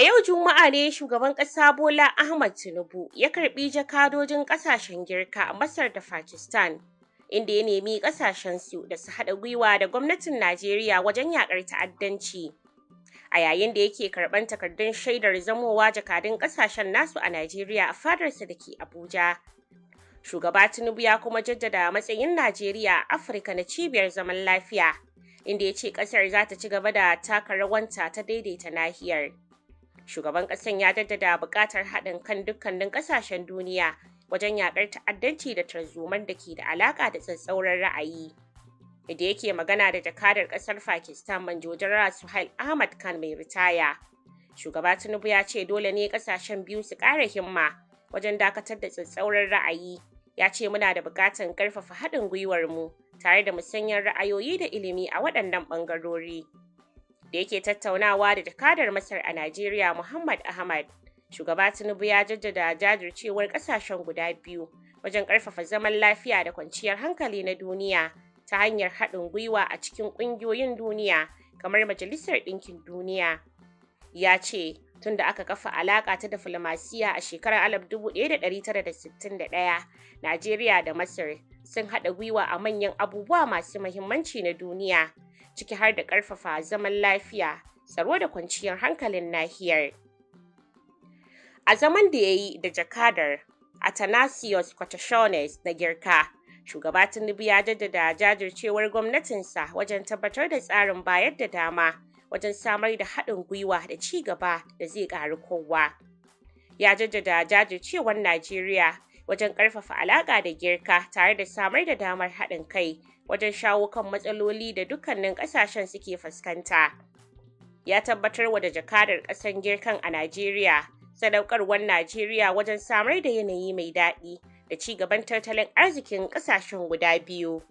A yau Juma'a ne shugaban ƙasa Bola Ahmad Tinubu ya karɓi jakadojin ƙasashen Girka, a Masar da Pakistan, inda ya nemi ƙasashen su da su haɗa gwiwa da gwamnatin Najeriya wajen yaƙar ta'addanci. A yayin da yake karɓar takardun shaidar zamowa jakadun ƙasashen nasu a Najeriya a fadarsa da ke Abuja. Shugaba Tinubu ya kuma jaddada matsayin Najeriya a Afirka na cibiyar zaman lafiya, inda ya ce ƙasar za ta ci gaba da taka rawanta ta daidaita nahiyar. Shugaban ƙasan ya daddada bukatar haɗin kan dukkanin ƙasashen duniya wajen yaƙar ta'addanci da tarzoman da ke da alaƙa da tsatsauran ra'ayi. Da yake magana da jakadar ƙasar Pakistan Manjojara Suhail Ahmad Khan mai ritaya. Shugaba Tinubu ya ce dole ne ƙasashen biyu su ƙara himma wajen dakatar da tsatsauran ra'ayi. Ya ce muna da buƙatar ƙarfafa haɗin gwiwar mu tare da musanyen ra'ayoyi da ilimi a waɗannan ɓangarori. da yake tattaunawa da jakadar Masar a Najeriya Muhammad Ahmad. Shugaba Tinubu ya jaddada jajircewar kasashen guda biyu wajen ƙarfafa zaman lafiya da kwanciyar hankali na duniya ta hanyar haɗin gwiwa a cikin ƙungiyoyin duniya kamar Majalisar Ɗinkin Duniya. Ya ce, tun da aka kafa alaƙa ta diflomasiya a shekarar 1961 Najeriya da Masar sun haɗa gwiwa a manyan abubuwa masu mahimmanci na duniya ciki har da ƙarfafa zaman lafiya tsaro da kwanciyar hankalin nahiyar. A zaman da ya yi da jakadar atanasius Quatashones na Girka, shugaba Tinubu ya jaddada jajircewar gwamnatinsa wajen tabbatar da tsarin bayar da dama wajen samar da haɗin gwiwa da ci gaba da zai ƙaru kowa. Ya jaddada jajircewar Najeriya wajen ƙarfafa alaƙa da girka tare da samar da damar haɗin kai wajen shawo kan matsaloli da dukkanin ƙasashen suke fuskanta. Ya tabbatar wa da jakadar ƙasan girkan a Najeriya sadaukarwar Najeriya wajen samar da yanayi mai daɗi da ci gaban tattalin arzikin ƙasashen guda biyu.